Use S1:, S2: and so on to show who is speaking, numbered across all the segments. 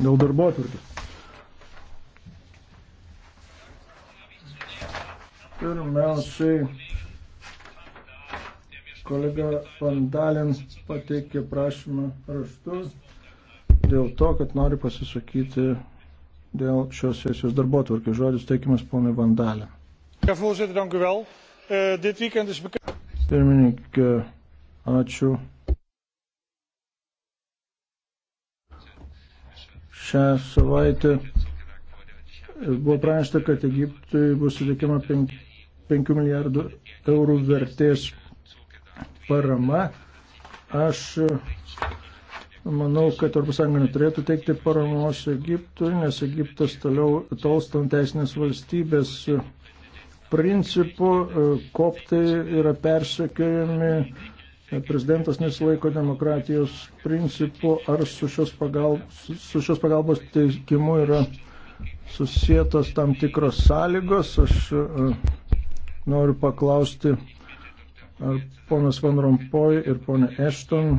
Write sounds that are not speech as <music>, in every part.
S1: dėl darbo atvirkės. Pirmiausiai kolega Vandalin pateikė prašymą raštu dėl to, kad nori pasisakyti dėl šios sesijos darbo tvarkės. Žodis teikimas ponui Vandalin. Eh, Pirmininkė, ačiū. Šią savaitę buvo pranešta, kad Egiptui bus sudėkima 5 milijardų eurų vertės parama. Aš Manau, kad Europos Sąjunga neturėtų teikti paramos Egiptui, nes Egiptas toliau tolstant teisinės valstybės principų, e, koptai yra persekiojami prezidentas nesilaiko demokratijos principų, ar su šios, pagalbos, su šios pagalbos teikimu yra susijėtos tam tikros sąlygos. Aš e, noriu paklausti, ar ponas Van Rompoj ir ponė Ešton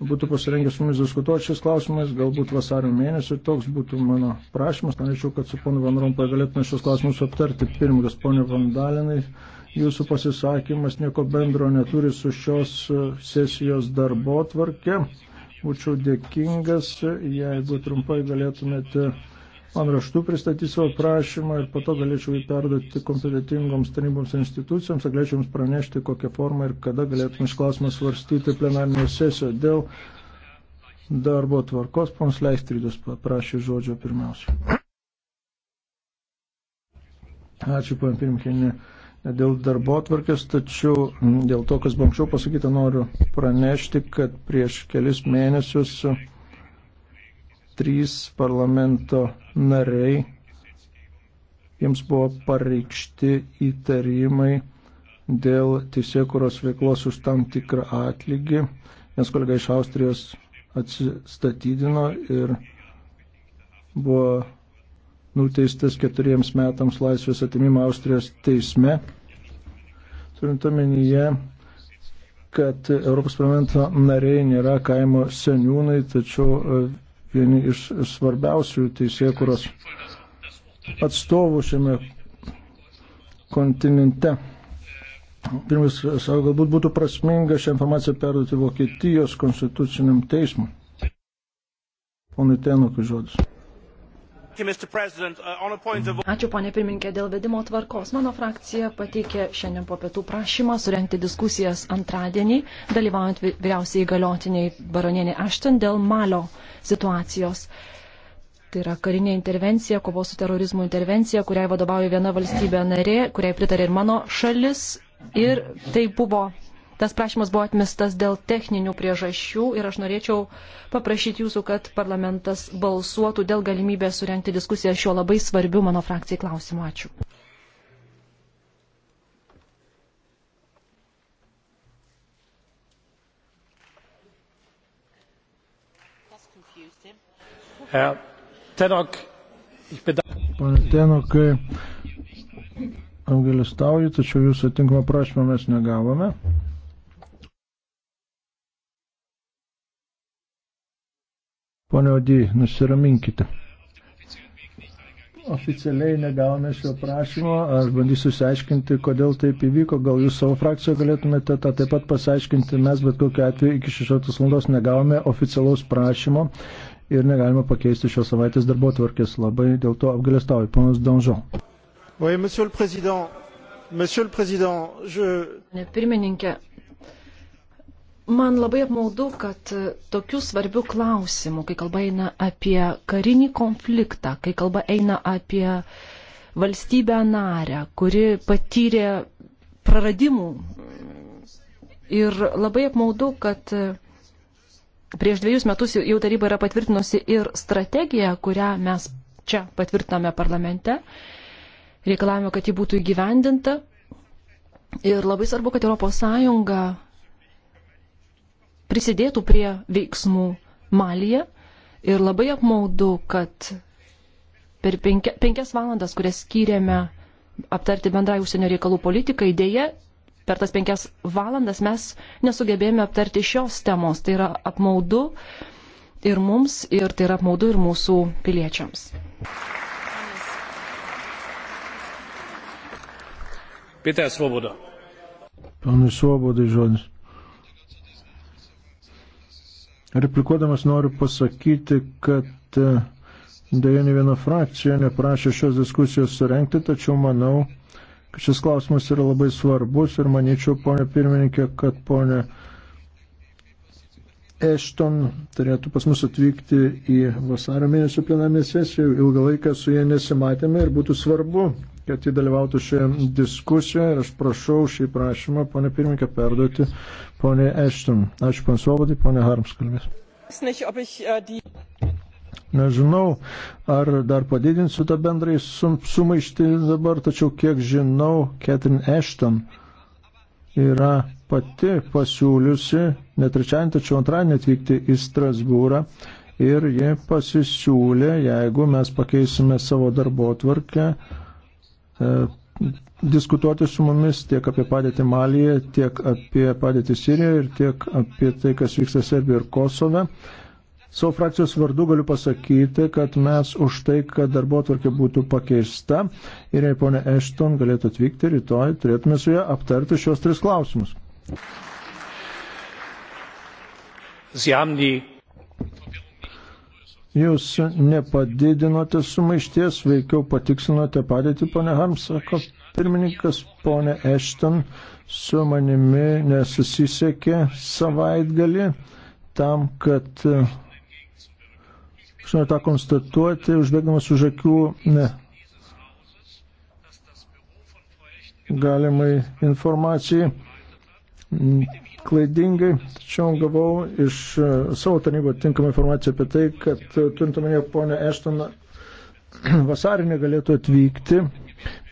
S1: būtų pasirengę su mumis diskutuoti šis klausimais, galbūt vasario mėnesį, toks būtų mano prašymas. Norėčiau, kad su ponu Van Rompoj galėtume šios klausimus aptarti. Pirmas, ponė Vandalinai. Jūsų pasisakymas nieko bendro neturi su šios e, sesijos darbo tvarke. Būčiau dėkingas, jeigu trumpai galėtumėte man raštu pristatyti savo prašymą ir po to galėčiau jį perduoti kompetitingoms tarnyboms institucijoms, galėčiau jums pranešti, kokią formą ir kada galėtume iš klausimą svarstyti plenarinėje sesijoje. Dėl darbo tvarkos pons Leistridus paprašė žodžio pirmiausia. Ačiū, pan pirmkinė dėl darbo atvarkės, tačiau dėl to, kas buvo anksčiau pasakyta, noriu pranešti, kad prieš kelis mėnesius trys parlamento nariai, jiems buvo pareikšti įtarimai dėl teisėkuros veiklos už tam tikrą atlygį, nes kolega iš Austrijos atsistatydino ir buvo nuteistas keturiems metams laisvės atimimo Austrijos teisme turint omenyje, kad Europos parlamento nariai nėra kaimo seniūnai, tačiau e, vieni iš svarbiausių teisėkuros atstovų šiame kontinente. Pirmas, savo galbūt būtų prasminga šią informaciją perduoti Vokietijos konstituciniam teismui. Ponui Tenokui žodis.
S2: Uh, Ačiū, ponė pirmininkė, dėl vedimo tvarkos. Mano frakcija pateikė šiandien po pietų prašymą surenkti diskusijas antradienį, dalyvaujant vyriausiai įgaliotiniai baronienė Ašten dėl malio situacijos. Tai yra karinė intervencija, kovos su terorizmu intervencija, kuriai vadovauja viena valstybė narė, kuriai pritarė ir mano šalis. Ir tai buvo Tas prašymas buvo atmestas dėl techninių priežasčių ir aš norėčiau paprašyti jūsų, kad parlamentas balsuotų dėl galimybės surenkti diskusiją šiuo labai svarbiu mano frakcijai klausimu. Ačiū.
S3: Herr Tenok, ich bedanke
S1: mich. Pane Tenokai, apgalėstauju, tačiau jūsų tinkamą prašymą mes negavome. Pone Odį, nusiraminkite. Oficialiai negavome šio prašymo, aš bandysiu išsiaiškinti, kodėl taip įvyko, gal jūs savo frakcijoje galėtumėte tą taip pat pasiaiškinti, mes bet kokiu atveju iki 16 valandos negavome oficialaus prašymo ir negalima pakeisti šios savaitės darbo tvarkės. Labai dėl to apgalėstauju. Ponas Donžo.
S2: Oui, monsieur le président. Monsieur le président, je... Ne, pirmininkė, Man labai apmaudu, kad e, tokių svarbių klausimų, kai kalba eina apie karinį konfliktą, kai kalba eina apie valstybę narę, kuri patyrė praradimų. Ir labai apmaudu, kad e, prieš dviejus metus jau taryba yra patvirtinusi ir strategiją, kurią mes čia patvirtiname parlamente. Reikalavome, kad ji būtų įgyvendinta. Ir labai svarbu, kad ES prisidėtų prie veiksmų Malyje ir labai apmaudu, kad per penkia, penkias valandas, kurias skyrėme aptarti bendrai užsienio reikalų politikai, dėje per tas penkias valandas mes nesugebėjome aptarti šios temos. Tai yra apmaudu ir mums, ir tai yra apmaudu ir mūsų piliečiams.
S3: Pitė Svoboda.
S1: Pana Svobodai žodis. Replikuodamas noriu pasakyti, kad e, dėja ne viena frakcija neprašė šios diskusijos surenkti, tačiau manau, kad šis klausimas yra labai svarbus ir manyčiau, ponė pirmininkė, kad ponė Ešton turėtų pas mus atvykti į vasario mėnesio plenarinę sesiją. Ilgą laiką su jie nesimatėme ir būtų svarbu, kad jie dalyvautų šioje diskusijoje. Ir aš prašau šį prašymą, ponė pirmininkė, perduoti ponė Ešton. Ačiū, pan Svobodai, ponė Harms kalbės.
S3: Äh,
S1: Nežinau, ar dar padidinsiu tą bendrai sumaištį dabar, tačiau kiek žinau, Ketrin Ešton yra pati pasiūliusi, ne trečiadienį, tačiau antradienį atvykti į Strasbūrą ir ji pasisiūlė, jeigu mes pakeisime savo darbo tvarkę, e, diskutuoti su mumis tiek apie padėtį Malyje, tiek apie padėtį Sirijoje ir tiek apie tai, kas vyksta Serbijoje ir Kosove. Savo frakcijos vardu galiu pasakyti, kad mes už tai, kad darbo tvarkė būtų pakeista ir jei ponė Ešton galėtų atvykti rytoj, turėtume su ją aptarti šios tris klausimus. Jūs nepadidinote sumaišties, veikiau patiksinote padėtį, ponė Harms, sako pirmininkas, ponė Ešton, su manimi nesusisiekė savaitgalį tam, kad, žinau, e, tą konstatuoti, užbėgdamas už akių, ne, galimai informacijai klaidingai, tačiau gavau iš e, savo tarnybų tinkamą informaciją apie tai, kad e, turint omenyje ponę Ešton <clears throat> vasarį negalėtų atvykti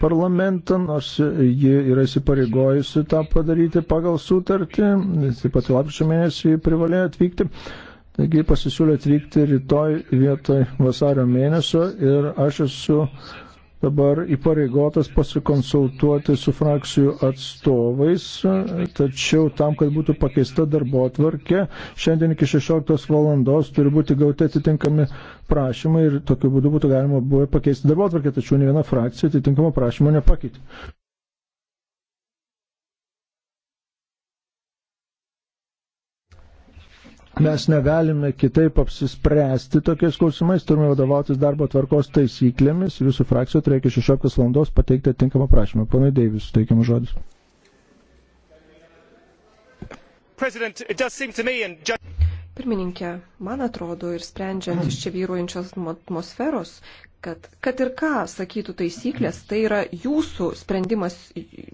S1: parlamentą, nors ji yra įsipareigojusi tą padaryti pagal sutartį, taip pat lapkričio mėnesį privalėjo atvykti. Taigi pasisiūlė atvykti rytoj vietoj vasario mėnesio ir aš esu uh, dabar įpareigotas pasikonsultuoti su frakcijų atstovais, tačiau tam, kad būtų pakeista darbo atvarkė, šiandien iki 16 valandos turi būti gauti atitinkami prašymai ir tokiu būdu būtų galima buvo pakeisti darbo atvarkę, tačiau ne viena frakcija atitinkamo prašymo nepakeitė. mes negalime kitaip apsispręsti tokiais klausimais, turime vadovautis darbo tvarkos taisyklėmis, jūsų frakcijoje turėjo 16 valandos pateikti atinkamą prašymą. Pana Deivis, teikiamas žodis.
S3: Pirmininkė, man atrodo ir sprendžiant iš čia vyruojančios atmosferos, kad, kad ir ką sakytų taisyklės, tai yra jūsų sprendimas,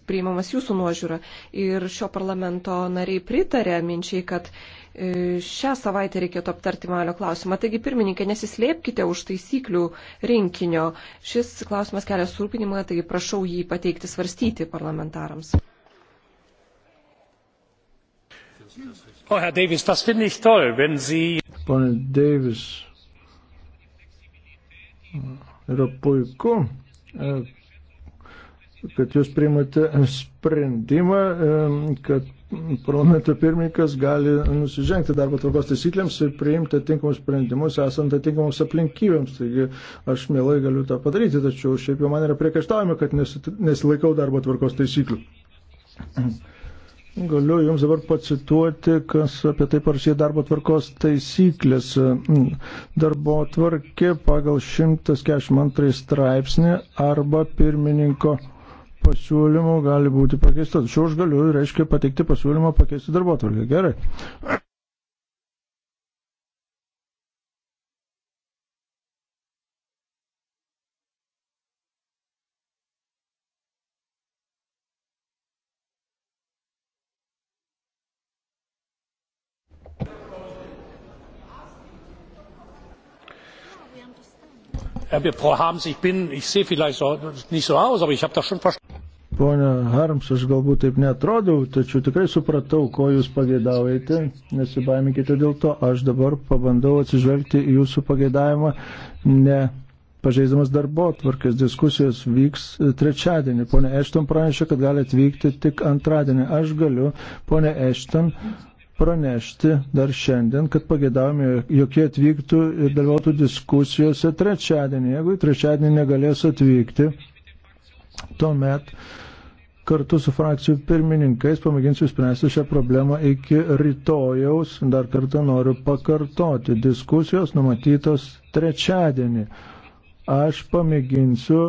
S3: priimamas jūsų nuožiūra. Ir šio parlamento nariai pritarė minčiai, kad e, šią savaitę reikėtų aptarti malio klausimą. Taigi, pirmininkė, nesislėpkite už taisyklių rinkinio. Šis klausimas kelia surūpinimą, taigi prašau jį pateikti svarstyti parlamentarams.
S1: O, oh, Herr Davis, das finde ich toll, wenn Sie. Pone Davis, yra puiku, e, kad jūs priimate sprendimą, e, kad parlamento pirmininkas gali nusižengti darbo tvarkos taisyklėms ir priimti atinkamus sprendimus, esant atinkamus aplinkybėms. Taigi aš mielai galiu tą padaryti, tačiau šiaip jau man yra priekaištavimo, kad nesilaikau darbo tvarkos taisyklių. Galiu Jums dabar pacituoti, kas apie tai parašyta darbo tvarkos taisyklės. Darbo tvarkė pagal 142 straipsnį arba pirmininko pasiūlymų gali būti pakeista. Tačiau aš galiu, reiškia, pateikti pasiūlymą pakeisti darbo tvarkę. Gerai.
S3: Frau Harms, ich bin, ich sehe vielleicht so, nicht so aus, aber
S1: ich habe das schon verstanden. Pone Harms, aš galbūt taip netrodau, tačiau tikrai supratau, ko jūs pageidaujate, nesibaimikite dėl to, aš dabar pabandau atsižvelgti į jūsų pageidavimą, ne pažeidamas darbo tvarkės diskusijos vyks e, trečiadienį. Pone Ešton pranešė, kad gali atvykti tik antradienį. Aš galiu, pone Ešton, pranešti dar šiandien, kad pagėdavome, jokie atvyktų ir dalyvautų diskusijose trečiadienį. Jeigu į trečiadienį negalės atvykti, tuomet kartu su frakcijų pirmininkais pamėginsiu spręsti šią problemą iki rytojaus. Dar kartą noriu pakartoti. Diskusijos numatytos trečiadienį. Aš pamėginsiu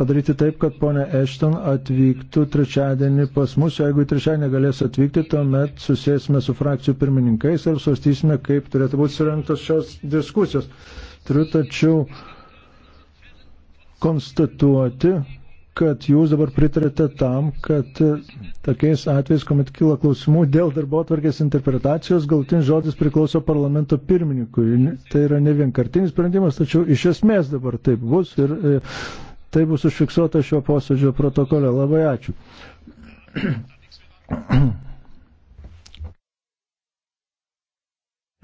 S1: padaryti taip, kad ponė Ešton atvyktų trečiadienį pas mus. Jeigu trečiadienį galės atvykti, tuomet susėsime su frakcijų pirmininkais ir svarstysime, kaip turėtų būti surinktos šios diskusijos. Turiu tačiau konstatuoti, kad jūs dabar pritarėte tam, kad tokiais atvejais, kuomet kyla klausimų dėl darbo atvarkės interpretacijos, galtinis žodis priklauso parlamento pirmininkui. Tai yra ne vienkartinis sprendimas, tačiau iš esmės dabar taip bus ir e, Tai bus užfiksuota šio posėdžio protokole. Labai ačiū. <clears throat>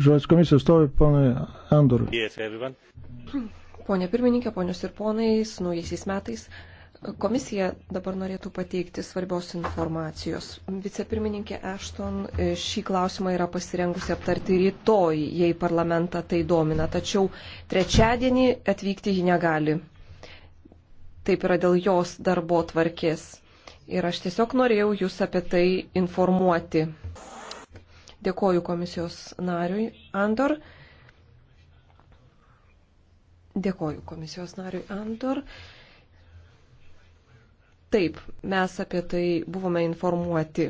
S1: Žodis komisijos stovi ponui Andorui.
S3: Pone pirmininkė, ponios ir ponai, su naujaisiais metais komisija dabar norėtų pateikti svarbios informacijos. Vicepirmininkė Ešton e, šį klausimą yra pasirengusi aptarti rytoj, jei parlamentą tai domina, tačiau trečiadienį atvykti ji negali taip yra dėl jos darbo tvarkės. Ir aš tiesiog norėjau jūs apie tai informuoti. Dėkoju komisijos nariui Andor. Dėkoju komisijos nariui Andor. Taip, mes apie tai buvome informuoti.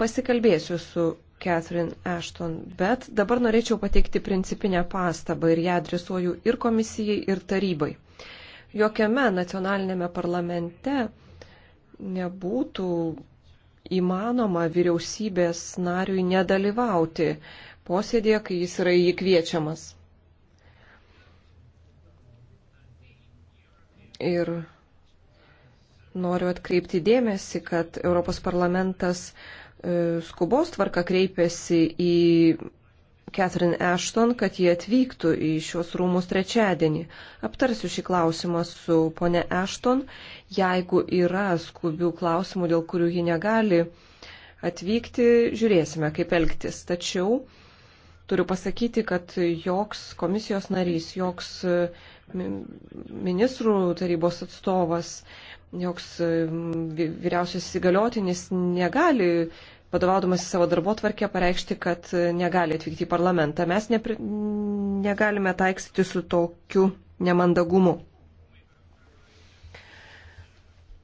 S3: Pasikalbėsiu su Catherine Ashton, bet dabar norėčiau pateikti principinę pastabą ir ją adresuoju ir komisijai, ir tarybai jokiame nacionalinėme parlamente nebūtų įmanoma vyriausybės nariui nedalyvauti posėdėje, kai jis yra jį kviečiamas. Ir noriu atkreipti dėmesį, kad Europos parlamentas e, skubos tvarka kreipėsi į Catherine Ashton, kad jie atvyktų į šios rūmus trečiadienį. Aptarsiu šį klausimą su ponė Ashton. Jeigu yra skubių klausimų, dėl kurių ji negali atvykti, žiūrėsime, kaip elgtis. Tačiau turiu pasakyti, kad joks komisijos narys, joks e, ministrų tarybos atstovas, joks vyriausiasis įgaliotinis negali vadovaudamas savo darbo tvarkę, pareikšti, kad negali atvykti į parlamentą. Mes nepri, negalime taikstyti su tokiu nemandagumu.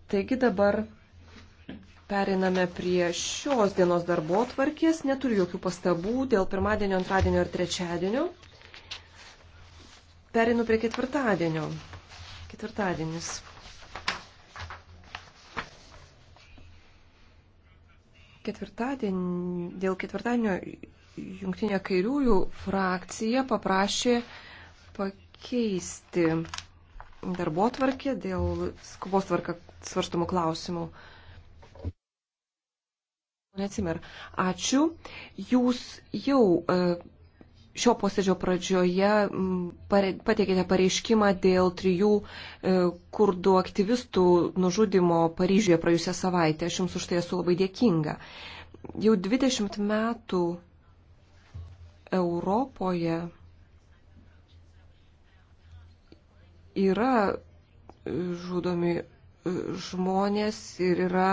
S3: Taigi dabar periname prie šios dienos darbo tvarkės. Neturiu jokių pastabų dėl pirmadienio, antradienio ir trečiadienio. Perinu prie ketvirtadienio. Ketvirtadienis. ketvirtadienį, dėl ketvirtadienio jungtinė kairiųjų frakcija paprašė pakeisti darbo tvarkė dėl skubos tvarka svarstomų klausimų. Neatsimer. Ačiū. Jūs jau. Uh, šio posėdžio pradžioje pateikėte pareiškimą dėl trijų e, kurdų aktyvistų nužudimo Paryžiuje praėjusią savaitę. Aš Jums už tai esu labai dėkinga. Jau 20 metų Europoje yra e, žudomi e, žmonės ir yra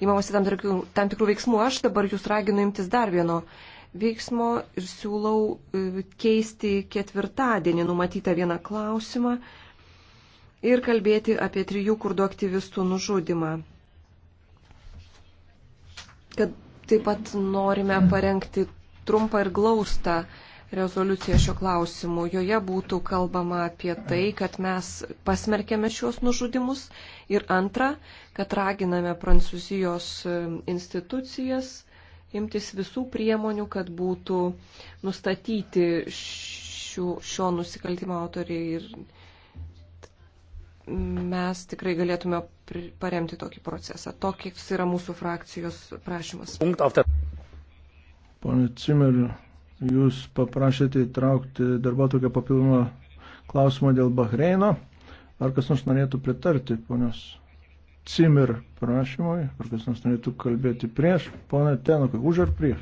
S3: įmamasi tam, tam tikrų veiksmų. Aš dabar Jūs raginu imtis dar vieno veiksmo ir siūlau e, keisti ketvirtadienį numatytą vieną klausimą ir kalbėti apie trijų kurdų aktyvistų nužudimą. Kad taip pat norime parengti trumpą ir glaustą rezoliuciją šio klausimu. Joje būtų kalbama apie tai, kad mes pasmerkėme šios nužudimus ir antra, kad raginame Prancūzijos e, institucijas imtis visų priemonių, kad būtų nustatyti šių, šio nusikaltimo autoriai ir mes tikrai galėtume paremti tokį procesą. Tokiks yra mūsų frakcijos prašymas.
S1: Pone Cimer, jūs paprašėte įtraukti darbo tokią papildomą klausimą dėl Bahreino. Ar kas nors norėtų pritarti, ponios? Cimer prašymui, ar kas nors norėtų kalbėti prieš, ponė Tenokai, už ar prieš?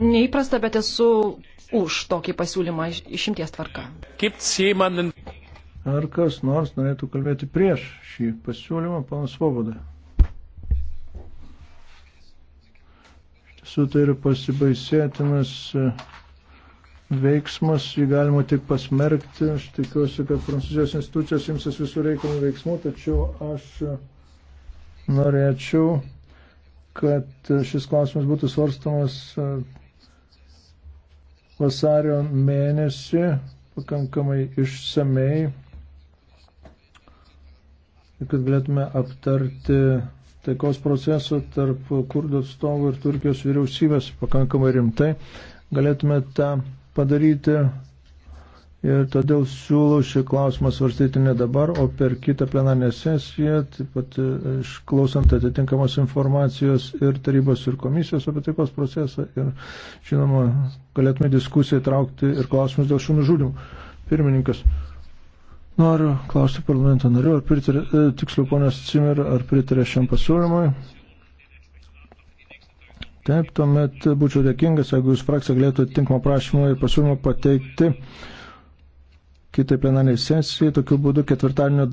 S2: Neįprasta, bet esu už tokį pasiūlymą išimties tvarka.
S1: Ar kas nors norėtų kalbėti prieš šį pasiūlymą, panas Svoboda? Iš tiesų tai yra pasibaisėtinas veiksmas, jį galima tik pasmerkti. Aš tikiuosi, kad prancūzijos institucijos imsis visų reikalų veiksmų, tačiau aš norėčiau, kad šis klausimas būtų svarstamas e, vasario mėnesį pakankamai išsamei, kad galėtume aptarti taikos procesų tarp kurdų atstovų ir Turkijos vyriausybės pakankamai rimtai galėtume tą padaryti. Ir todėl siūlau šį klausimą svarstyti ne dabar, o per kitą plenarinę sesiją, taip pat e, išklausant atitinkamos informacijos ir tarybos ir komisijos apie taikos procesą. Ir, žinoma, galėtume diskusiją traukti ir klausimus dėl šunų žudimų. Pirmininkas. Noriu klausti parlamento narių, ar pritarė, e, tiksliau ponės Cimer, ar pritarė šiam pasiūlymui. Taip, tuomet būčiau dėkingas, jeigu jūs frakcija galėtų tinkamą prašymą ir pasiūlymą pateikti kitai plenariai sesijai. Tokiu būdu ketvirtadienio